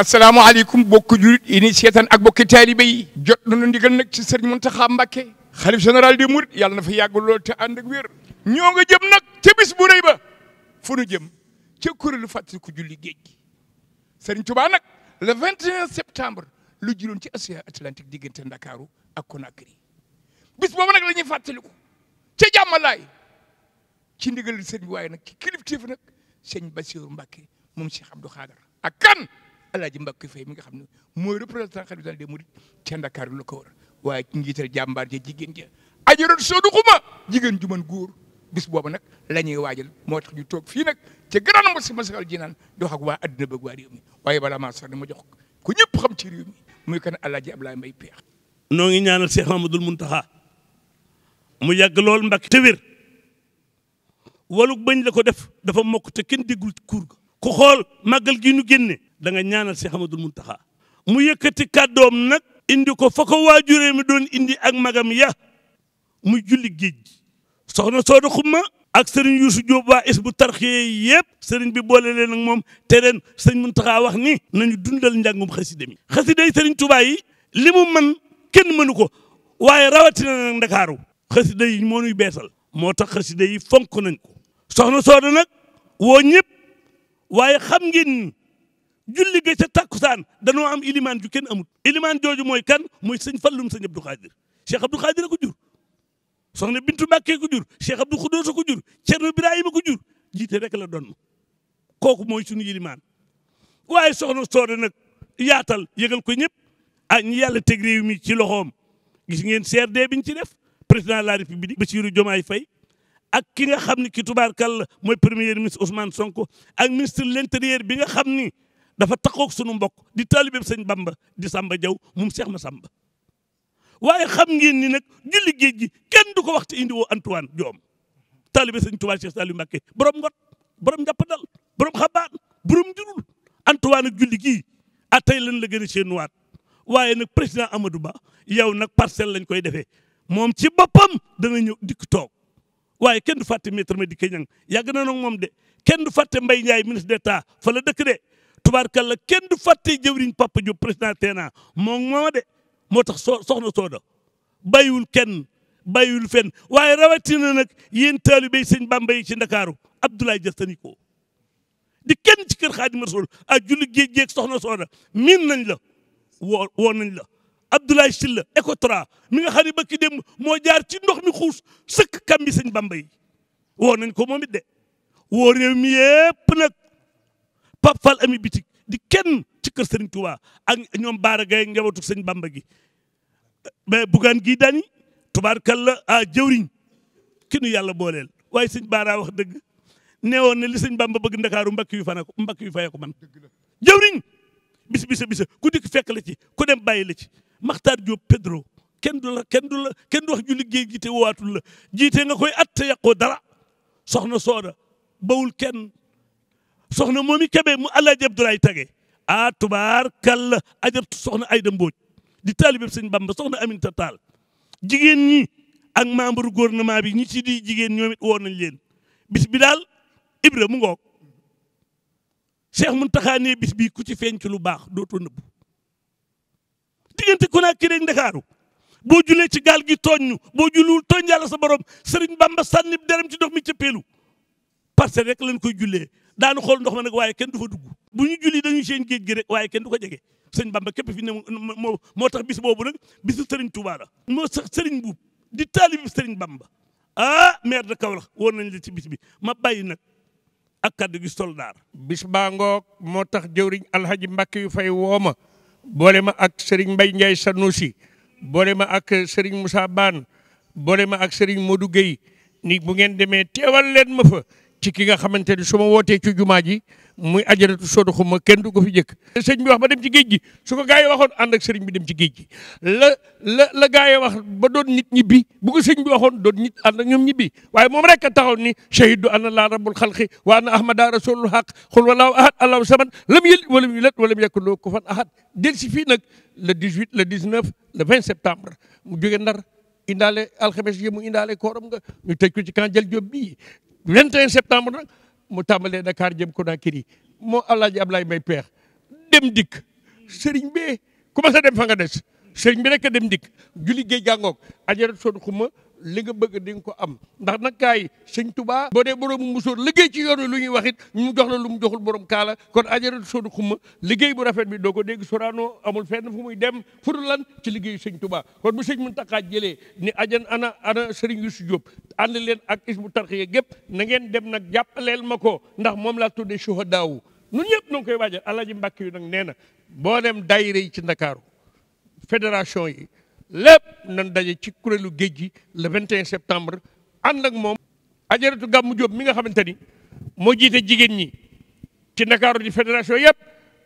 asalaamaaleykum bokki jurit yi ni seetaan ak bokki taalibe yi jot nañu ndigal nag ci sëriñ moon Mbacké xalif général des mourides yàlla na fa yàgg lool te ànd ñoo nga jëm nag ca bis bu rëy ba fu nu jëm ca kuréelu fàttaliku julli géej gi sëriñ nag le 21 septembre lu juloon ci océan Atlantique diggante Ndakaaru ak Conakry bis boobu nag la ñuy fàttaliku ca jàmmalaay ci ndigal sëriñ waaye nag ci kilifteef nag sëñ Bassirou Mbacké moom Cheikh Abdou Khadar alaaji Mbàkke Faye mi nga xam ne mooy représentant xalifa général la ko wër waaye ci njiital jàmbaar ja jigéen ja ajarat soodu xuma jigéen ju mën góor bis boobu nag la ñuy waajal moo tax ñu toog fii nag ca grand mos masakal ji naan dox ak waa adduna bëgg waa réew mi waaye bala maa sax ma jox ku ñëpp xam ci réew mi muy a alaaji Ablaye Mbaye Peex noo ngi ñaanal Cheikh Mamadou Mountakha mu yàgg lool mbak te wér waluk la ko def dafa mokk te kenn déggul kuur ga ku xool màggal gi ñu génne da nga ñaanal Cheikh Ahmadul taxa mu yëkkati kàddoom nag indi ko fa ko waajuree mi doon indi ak magam ya mu julli géej gi soxna Sooda Xumma ak sëriñ Youssou Diop waa is bu tarxiyee yëpp sëriñ bi boole leen moom tereen ren mun Muntaxa wax ni nañu dundal njàngum xasida mi xasida yi sëriñ Tuubaa yi li mu man kenn mënu ko waaye rawatina nag ndakaaru xasida yi moo moo tax xasida yi fonk nañ ko soxna Sooda nag woo ñëpp waaye xam ngeen julli ga ca saan danoo am ilimaan ju kenn amut ilimaan jooju mooy kan mooy sëñ fallum sëñ Abdou Khadir Cheikh Abdou Khadir a ko jur soxna Bintu Mbàkke ko jur Cheikh Abdou Khoudous a ko jur Cerno Ibrahima ko jur jiite rek la doon kooku mooy suñu ilimaan waaye soxna Soore nag yaatal yëgal ko ñëpp ah ñu yàlla teg réew mi ci loxoom gis ngeen CRD biñ ci def président de la république Bassirou Diomaye fay ak ki nga xam ne ki tubaarkàlla mooy premier ministre Ousmane Sonko ak ministre de bi nga xam ni dafa taxoog sunu mbokk di taalibeem sëñ Bamba di Samba Jaw moom Seex Masamba waaye xam ngeen ni nag julli géej gi kenn du ko wax te indi woo Antoine Diome taalibe sëñ Tuubaa Cheikh Saliou Mbacké borom ngot borom dal borom xabaan borom njurul Antoine ak julli gii a tey lan la gën a waaye nag président amadu Ba yow nag parcelle lañ koy defee moom ci boppam dana ñëw dikk toog waaye kenn du fàtte maître Madické Niang yàgg na nag moom de kenn du fàtte Mbaye Ndiaye ministre d'État fa la dëkk tubaarkalla kenn du fàtte jëwriñ Papa Diop président TNA moom moo de moo tax soo soxna Sooda bàyyiwul kenn bàyyiwul fenn waaye rawatina nag yéen taalibe sëñ Bamba yi ci Ndakaaru Abdoulaye Diastani ko di kenn ci kër Xaadimu Rasuul ak julli géej soxna Sooda miin nañ la woo woo nañ la Abdoulaye Sylla Ecotra mi nga xam ne ba ki dem moo jaar ci ndox mi xuus sëkk kambi bi sëñ Bamba yi woo nañ ko moom it de woo réew mi yépp nag Pape Fall ami bitik di kenn ci kër Serigne Touba ak ñoom Baara Gaye njabootu sëñ Bamba gi mais bugaan gii dani tubaarkalla ah jëwriñ ki nu yàlla booleel waaye sëñ Baara wax dëgg nee woon ne li sëñ Bamba bëgg ndakaaru mbakk yu fana ko mbakk yu fayee ko man jëwriñ bis bisa bisa ku dikk fekk la ci ku dem bàyyi la ci Makhtar Diop Pedro kenn du kenn du la kenn du wax ju liggéey jiite woowatul la jiite nga koy at te yàqoo dara soxna sooda kenn soxna moomi kebe mu El Hadj Abdoulaye Tage ah tubaar kàlla ajab soxna Ayda Mbodj di taalibe sëñ Bamba soxna Aminta Tall jigéen ñi ak membre gouvernement bi ñi ci di jigéen ñoom it woon nañ leen bis bi Ibra mu ngoog Cheikh Mountakha taxaane bis bi ku ci feeñ ci lu baax dootoo nëbbu diggante Conakry ak Ndakaaru boo julee ci gaal gi tooñ ñu boo julul tooñ yàlla sa borom Serigne Bamba sànni derem ci dox mi cëppeelu parce que rek lañ koy julee daanu xool ndox ma nag waaye kenn du fa dugg bu ñu julli dañuy seen géej gi waaye kenn du ko jege sëñ Bamba képp fi ne moo moo tax bis boobu nag bisu sëriñ Touba la moo sax sëriñ buub di taalibi sëriñ Bamba ah maire de Kaolack woon nañ la ci bis bi ma bàyyi nag ak kàddu gi soldaar bis baa ngoog moo tax jëwriñ alhaji Mbàkke yu fay wooma boole ma ak sëriñ Mbay Njaay Sanusi boole ma ak sëriñ Moussa Baan boole ma ak sëriñ Modou Gueye ni bu ngeen demee teewal leen ma fa ci ki nga xamante ne su ma wootee ci jumaa ji muy ajaratu soodu xuma kenn du ko fi jëkk sëñ bi wax ba dem ci géej gi su ko gaa yi waxoon ànd ak sëriñ bi dem ci géej gi la la la gaa yi wax ba doon nit ñibbi bu ko sëñ bi waxoon doon nit ànd ñoom ñibbi waaye moom rek a taxaw ni shahidu anna laa rabbul xalqi wa anna ahmada rasulul haq xul walaahu ahad allahu samad lam yëlit walam yulat walam yakun lahu fan ahad del si fii nag le 18 le 19 le 20 septembre mu jóge ndar indaale alxames yi mu indaale kooram nga ñu tëj ci kan jël job bii vingt 21 septembre nag mu tàmbalee Dakar jëm Conakry moo Alaaji lay Mbaye Peex dem dikk sëriñ bi ku ma dem fa nga des sëriñ bi rek dem dikk julli géej gàngoog ajarat son xuma li nga bëgg di ko am ndax nag kaay sëñ tubaa boo dee mu musóor liggéey ci yoon wi lu ñuy wax it mu jox la lu mu joxul borom kaala kon ajarat soodu xumma liggéey bu rafet bi doo ko dégg soraanoo amul fenn fu muy dem fu lan ci liggéey sëñ tubaa kon bu sëñ Muntaxa jëlee ni ajan ana ana sëriñ si Jóob ànd leen ak is Hizbut Tarqiyyah gépp na ngeen dem nag jàppaleel ma ko ndax moom laa tuddee shuhadaawu ñun ñëpp ñoo ngi koy waajal Alaaji Mbàkke yu nag nee na boo dem daayira yi ci Ndakaaru fédération yi lépp nan daje ci kuréelu géej gi le 21 septembre ànd ak moom ajaratu gàmmu Jóob mi nga xamante ni moo jiite jigéen ñi ci Ndakaaru di fédération yëpp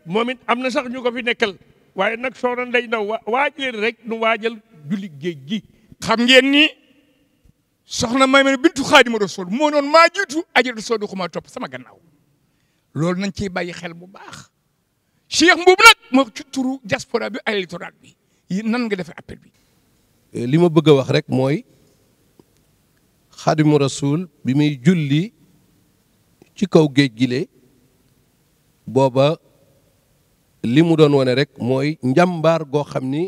moom it am na sax ñu ko fi nekkal waaye nag soxna Ndey Ndaw waaj leen rek nu waajal julli géej gi xam ngeen ni soxna may mene bintu Xaadimu Rasuul moo noonu maa jiitu ajaratu soodu xuma topp sama gannaaw loolu nañ ciy bàyyi xel bu baax Cheikh Mbuub nag moo ci turu diaspora bi ay littoral nan nga defee appel bi. Euh, li ma bëgg a wax rek mooy xaadimu rasul bi muy julli ci kaw géej gile booba li mu doon wane rek mooy njàmbaar goo xam ni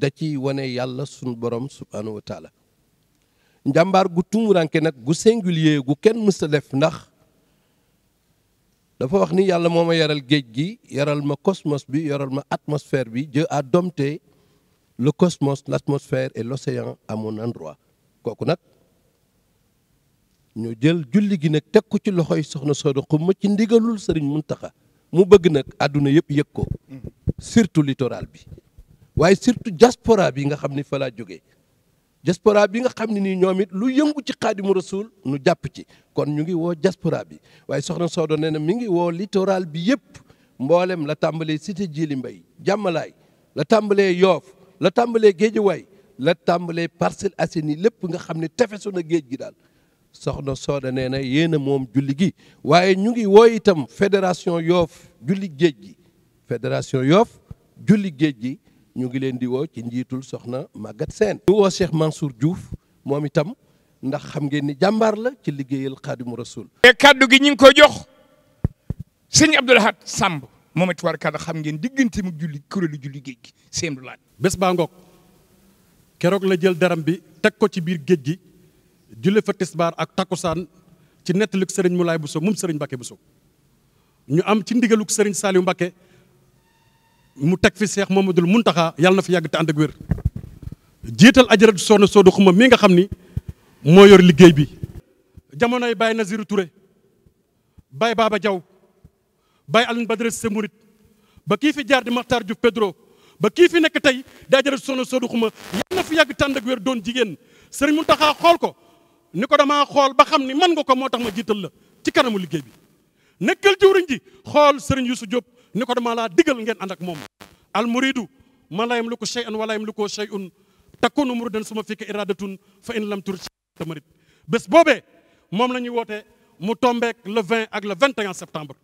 da ciy wane yàlla sunu borom subhaanahu wa taala njàmbaar gu tumuraanke nag gu singulier gu kenn mës def ndax dafa wax ni yàlla moo ma yaral géej gi yaral ma kosmos bi yaral ma atmosphère bi jë à dompter le cosmos l'atmosphère et l'océan amoon mon endroit kooku nag ñu jël julli gi nag teg ko ci loxoy soxna Sooda Xuma ci ndigalul sëriñ Muntaxa mu bëgg nag àdduna yëpp yëg ko surtout littoral bi waaye surtout diaspora bi nga xam ni fa jóge jógee bi nga xam ne nii ñoom it lu yëngu ci xaadimu rasul nu jàpp ci kon ñu ngi woo diaspora bi waaye soxna Sooda nee na mi ngi woo littoral bi yëpp mboolem la tàmbalee cité Djily Mbaye jàmmalaay la tàmbalee Yoof la tàmbalee géejuwaay la tàmbalee Parcelles Assainies lépp nga xam ne tefesu na géej gi daal soxna Sooda nee na yéen a moom julli gi waaye ñu ngi woo itam fédération yoof julli géej gi fédération yoof julli géej gi ñu ngi leen di woo ci njiitul soxna Maguette Sène ñu woo Cheikh Mansour Diouf moom itam ndax xam ngeen ni jàmbaar la ci liggéeyal Xaadimu Rasuul. mais kàddu gi ñu ngi ko jox sëñ Abdoul Ahad Samb moom it war kàlla xam ngeen diggante mu julli kuréelu julli géej gi seen lu laat bés baa ngoog keroog la jël daram bi teg ko ci biir géej gi julli fa tisbaar ak takkusaan ci nettalig sëriñ Moulay Bousso moom sëriñ Mbacké Bousso ñu am ci ndigalug sëriñ Saliou Mbacké mu teg fi Cheikh Mamadou Mountakha yàlla na fi yàgg te ànd ak wér jiital ajaratu soxna Soodu Xuma mi nga xam ni moo yor liggéey bi jamonoy Baye Nazirou Touré Baye Baba Diaw Baye Alioune Badara Cissé Mouride ba kii fi jaar di Makhtar Diouf Pedro ba kii fi nekk tey daa jël soo Soodu Xuma yal na fi yàgg tànd ak wér doon jigéen sëriñ Mountakha xool ko ni ko damaa xool ba xam ni man nga ko moo tax ma jiital la ci kanamu liggéey bi nekkal jëwriñ ji xool sëriñ su Diop ni ko damaa laa digal ngeen ànd ak moom al muridu man la yamliku shay'an wa la yamliku shay'un takunu muridan suma fika iradatun fa in lam tur tamarit bés boobee moom la ñuy woote mu tombeek le 20 ak le 21 septembre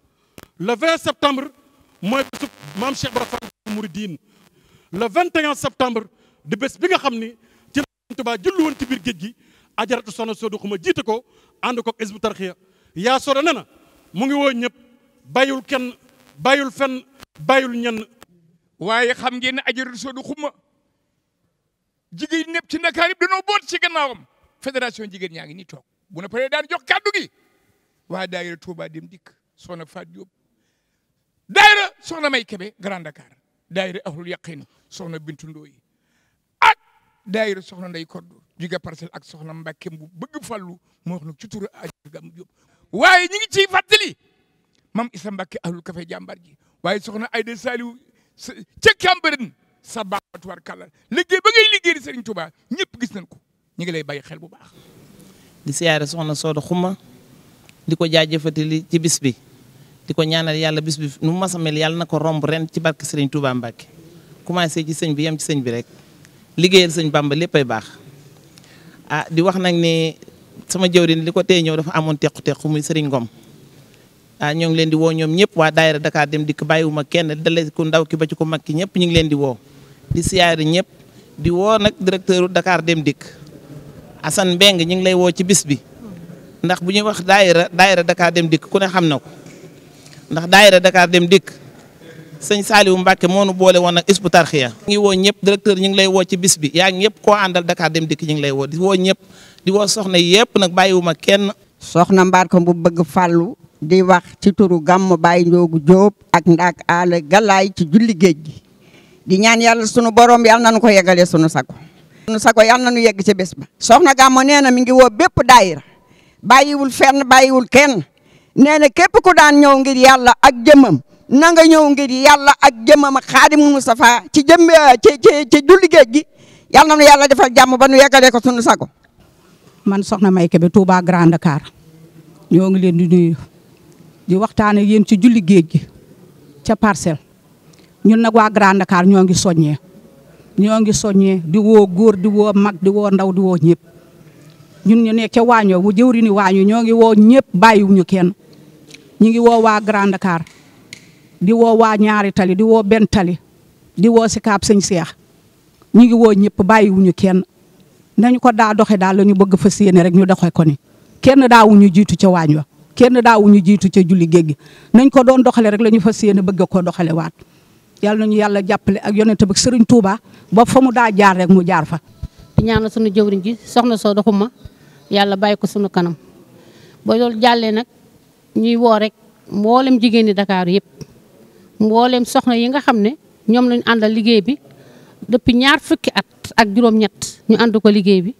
le 20 septembre mooy bésu maam Cheikh Ibra Fall Mouridine le septembre di bés bi nga xam ni ci la Tuubaa jullu woon ci biir géej gi ajaratu soxna Soodu Xuma jiite ko ànd ko Hizbut Tarqiyyah yaa soro ne na mu ngi woo ñëpp bayul kenn bayul fenn bayul ñenn waaye xam ngeen ne ajaratu Soodu Xuma jigéen ñëpp ci Ndakaar yëpp dañoo boot ci gannaawam fédération jigéen ñaa ngi nii toog bu na paree daan jox kàddu gi waa daayira Tuubaa dem dikk soxna Faat Jóob daayira soxna May Kebe Grand Dakar daayira ahlul yaqin soxna Bintu Ndoye ak daayira soxna Ndey Koddu jóge parcelle ak soxna Mbàkke bu bëgg fallu moo wax nag ci turu ajgam Jóob waaye ñi ngi ciy fàttali mam Isa Mbàkke ahlul kafe jàmbar ji waaye soxna Ayda Saliw ca Cambérène sa baatuwaar kàlla liggéey di Serigne Touba ñëpp gis nañ ko ñu ngi lay bàyyi xel bu baax di siyaare soxna Sooda Xuma di ko jaajëfatali ci bis bi di ko ñaanal yàlla bis bi nu mas a mel yàlla na ko romb ren ci barke Serigne Touba Mbacke commencé ci sëñ bi yem ci sëñ bi rek liggéeyal sëñ Bamba léppay baax a ah, di wax nag ni sama jëwriñ li ko tee ñëw dafa amoon tequ-tequ muy Serigne Ngom a ah, ñoo ngi leen di woo ñoom ñëpp waa daayira Dakar dem dikk bàyyiwuma kenn dale ku ndaw ki ba ci ku mag ñëpp ñu ngi leen di woo ñëpp di woo nag directeur Dakar dem dikk Assane Mbeng ñu ngi lay woo ci bis bi ndax bu ñuy wax daayira daayira Dakar dem dikk ku ne xam na ko ndax daayira Dakar dem dikk sëñ Saliou Mbacke moo nu boole woon ak isbu tarxiya ngi woo ñëpp directeur ñu ngi lay woo ci bis bi yaa ngi ñëpp koo àndal Dakar dem dikk ñu ngi lay woo di woo ñëpp di woo soxna yëpp nag bàyyiwuma kenn. soxna mbaat ko bu bëgg fàllu di wax ci turu gàmm bàyyi njoogu jóob ak ndaak aale galaay ci julli géej gi di ñaan yàlla sunu borom yàlla nañu ko yegalee sunu sago. sunu sago yàlla nañu yegg ci bés ba. soxna gàmm nee na mi ngi woo bépp daayira bàyyiwul fenn bàyyiwul kenn. nee na képp ku daan ñëw ngir yàlla ak jëmmam na nga ñëw ngir yàlla ak jëmmam ak xaadimul Mustafa ci jëm ci ci ci julli géej gi yàlla na nu yàlla defal jàmm ba nu yeggalee ko sunu sago. man soxna May Kébé Touba Grand Dakar ñoo ngi leen di nuyu di waxtaan yéen ci julli géej gi ca parcelle ñun nag waa Grand ñoo ngi soññee ñoo ngi soññee di woo góor di woo mag di woo ndaw di woo ñëpp ñun ñu nekk ca waañoo wu jëwri ni waañu ñoo ngi woo ñëpp bàyyiwuñu kenn. ñu ngi woo waa Grand di woo waa ñaari tali di woo benn tali di woo si kaab sëñ seex ñu ngi woo ñëpp bàyyiwuñu kenn nañu ko daa doxe daal la ñu bëgg fas yéene rek ñu doxe ko ni kenn daawuñu jiitu ca waañ wa kenn daawuñu jiitu ca julli géej gi nañ ko doon doxale rek la ñu fas yéene bëgg koo doxale waat yal nañu yàlla jàppale ak yonent bi sëriñ Touba ba fa mu daa jaar rek mu jaar fa. di ñaanal sunu jëwriñ ji soxna soo doxuma yàlla bàyyi ko sunu kanam ñuy woo rek mboolem jigéen ñi Dakar yëpp mboolem soxna yi nga xam ne ñoom lañu àndal liggéey bi depuis ñaar fukki at ak juróom-ñett ñu ànd ko liggéey bi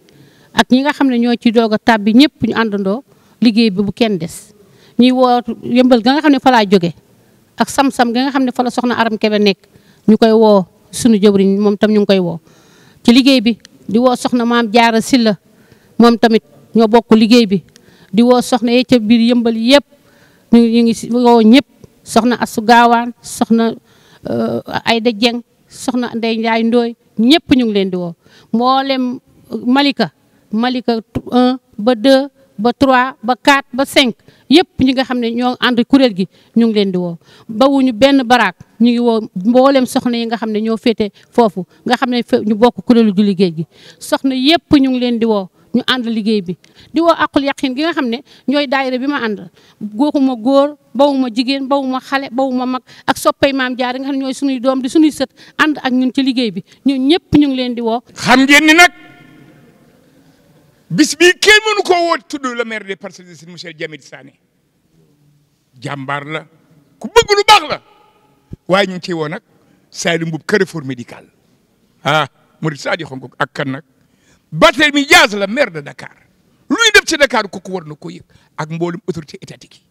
ak ñi nga xam ne ñoo ci doog a tàbbi ñëpp ñu àndandoo liggéey bi bu kenn des. ñuy woo yëmbal ga nga xam ne fa laa jóge ak sam-sam ga nga xam ne fa la soxna Aram Kebe nekk ñu koy woo sunu jëwriñ moom tamit ñu ngi koy woo ci liggéey bi di woo soxna maam Jaara Silla moom tamit ñoo bokk liggéey bi di woo soxna yee ca biir yëmbal yëpp. ñu ñu ngi woo ñëpp soxna Asou Gaawaan soxna euh, Ayda Dieng soxna nday Njaay Ndooy ñëpp ñu ngi leen di woo mboolem Malika Malika 1 ba 2 ba 3 ba 4 ba 5 yëpp ñi nga xam ne ñoo ànd kuréel gi ñu ngi leen di woo bawuñu benn baraak ñu ngi woo mboolem soxna yi nga xam ne ñoo féete foofu nga xam ne ñu bokk kuréelu ju liggéey gi soxna yëpp ñu ngi leen di woo ñu ànd liggéey bi di woo aqul yaqin gi nga xam ne ñooy daayira bi ma àndal goxuma góor bawuma jigéen bawuma xale bawuma mag ak soppay maam jaar nga xam ne ñooy suñuy doom di suñuy sët ànd ak ñun ci liggéey bi ñun ñëpp ñu ngi leen di woo xam ngeen ni nag ko bii kenn mënu koo woo tudd le maire des Parcelles Assainies monsieur Diamid Sané jàmbaar la ku bëgg lu la waaye ñu ngi ciy woo nag Salim Mboup carrefour médical ah Murid Sadi Xonk ak nag Barthélémy Dias la maire de Dakar lu ñuy def ci Dakar kooku war na ko yëg ak mboolum autorité étatique yi.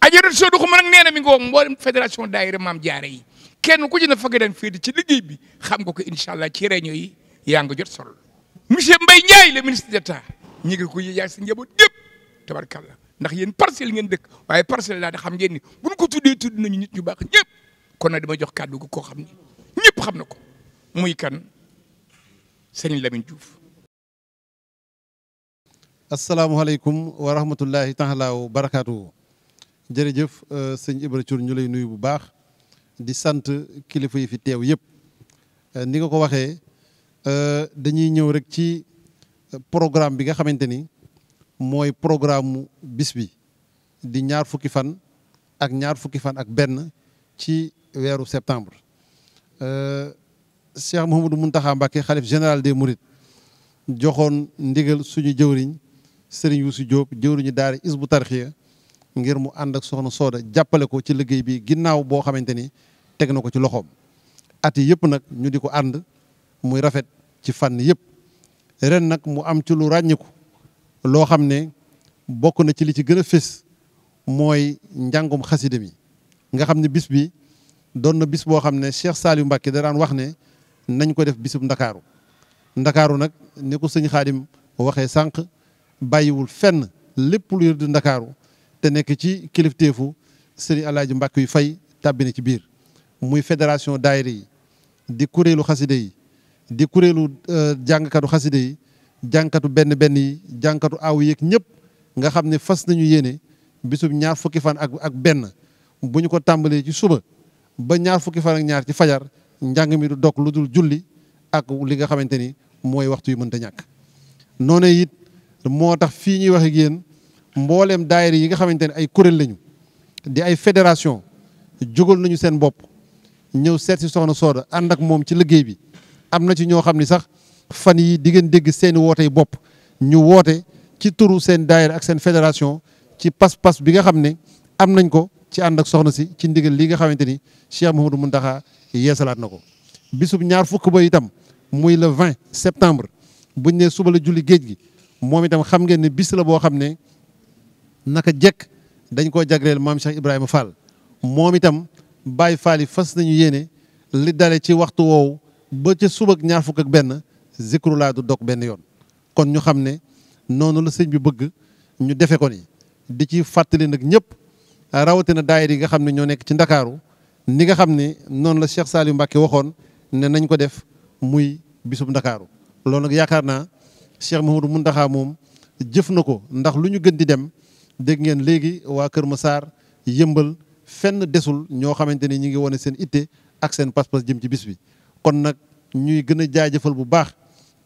Ajaratu Sow Doxuma nag nee na mi ngi wax mboolem fédération daayira Maam Jaara yi kenn ku ci na fagg daan féete ci liggéey bi xam nga ko incha allah ci réunion yi yaa nga jot solo monsieur mbay Ndiaye le ministre d'État ñu ngi ko yéeyaay si njaboot yëpp tabarkàlla ndax yéen parcelle ngeen dëkk waaye parcelle laa da xam ngeen ni bu ñu ko tuddee tudd nañu nit ñu baax ñëpp kon nag dama jox kàddu gi koo xam ni ñëpp xam na ko muy kan. sëriñ Lamine Diouf. asalaamualeykum wa rahmatullahi taala wa barakaatu. jërëjëf euh, sëñ Ibra ñu lay nuyu bu baax di sant kilifa yi fi teew yëpp euh, ni nga ko waxee euh, dañuy ñëw rek ci programme bi nga xamante ni mooy programme mu bis bi di ñaar fukki fan ak ñaar fukki fan ak benn ci weeru septembre. Cheikh Mouhamadou Mountakha Mbacké xalif général de Mourides joxoon ndigal suñu jëwriñ Serigne Youssou Diop jëwriñu daara Hizbut Tarqiyyah ngir mu ànd ak soxna Sooda jàppale ko ci liggéey bi ginnaaw boo xamante ni teg na ko ci loxoom. at yi yëpp nag ñu di ko ànd muy rafet ci fànn yëpp ren nag mu am ci lu ràññiku loo xam ne bokk na ci li ci gën fés mooy njàngum xasida mi nga xam ne bis bi doon na bis boo xam ne Cheikh Saliou Mbacké da daan wax ne. nañ ko def bisub ndakaaru ndakaaru nag ni sëñ xaadim waxee sànq bàyyiwul fenn lépp lu yër di ndakaaru te nekk ci kilifteefu sëriñ alaaji mbàkk yu fay tàbbi ci biir muy fédération daayira yi di kuréelu xaside yi di kuréelu euh, jàngkatu xaside yi jàngkatu benn benn yi jàngkatu aw yeeg ñëpp nga xam ni fas nañu yéene bisub ñaar fukki fan ak ak benn bu ñu ko tàmbalee ci suba ba ñaar fukki fan ak ñaar ci fajar njàng mi du dog lu dul julli ak li nga xamante ni mooy waxtu mën mënta ñàkk. noonu it moo tax fii ñuy wax ak yéen mbooleem daayira yi nga xamante ne ay kuréel lañu di ay fédération jógal nañu seen bopp ñëw seet si soxna Sooda ànd ak moom ci liggéey bi am na ci ñoo xam ni sax fan yi di ngeen dégg seeni wootey bopp ñu woote ci turu seen daayira ak seen fédération ci pas-pas bi nga xam ne am nañ ko ci ànd ak soxna si ci ndigal li nga xamante ni Cheikh Mouhamadou Mountakha yeesalaat na ko bisub ñaar fukk ba itam muy le 20 septembre buñ ne suba la julli géej gi moom itam xam ngeen ni bis la boo xam ne naka jekk dañ koo jagreel maam Cheikh Ibrahima Fall moom itam Baye Fall yi fas nañu yéene li dale ci waxtu woowu ba ca suba ak ñaar fukk ak benn zikru laa du dog benn yoon kon ñu xam ne noonu la sëñ bi bëgg ñu defe ko ni di ci fàttali nag ñëpp rawatina daayira yi nga xam ne ñoo nekk ci ndakaaru ni nga xam ne noonu la Cheikh Saliou Mbacke waxoon ne nañ ko def muy bisub ndakaaru loolu nag yaakaar naa Cheikh Mouhamadou Mountakha moom jëf na ko ndax lu ñu gën di dem dégg ngeen léegi waa Kër Massar yëmbal fenn desul ñoo xamante ni ñu ngi wane seen itte ak seen pas-pas jëm ci bis bi. kon nag ñuy gën a jaajëfal bu baax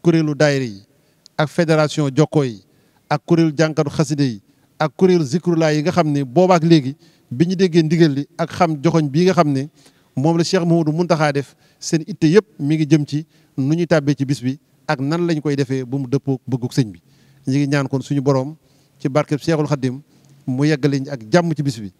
kuréelu daayira yi ak fédération jokko yi ak kuréelu jànkatu xaside yi ak kuréelu zikrulaa yi nga xam ne boobaak léegi bi ñu déggee ndigal li ak xam joxoñ bii nga xam ne moom la Cheikh Mouhamadou Mountakha def seen itte yëpp mi ngi jëm ci nu ñu tàbbee ci bis bi ak nan lañ koy defee bu mu dëppoo bëgguk sëñ bi ñu ngi ñaan kon suñu borom ci barkeb Cheikhul Khadim mu yeggaliñ ak jàmm ci bis bi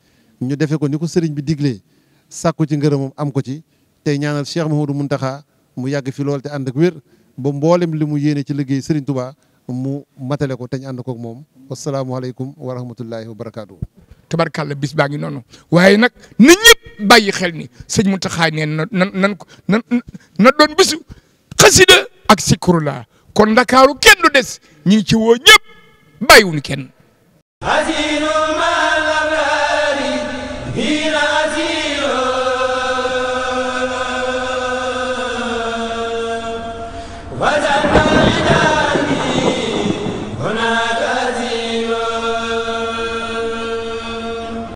ñu defee ko ni ko sëriñ bi diglee sàkku ci ngërëmam am ko ci tey ñaanal Cheikh Mouhamadou Mountakha mu yàgg fi lool te ànd ak wér ba mboolem li mu yéene ci liggéey Serigne Touba mu matale ko te ñu ànd koog moom wasalaamualeykum wa rahmatullahi wa barakaatu. tabarkàlla bis baa ngi noonu waaye nag na ñëpp bàyyi xel ni sëñ Mountakha nee na nan nan nan na doon bisu xasida ak sikru la kon ndakaaru kenn du des ñi ngi ci woo ñëpp kenn.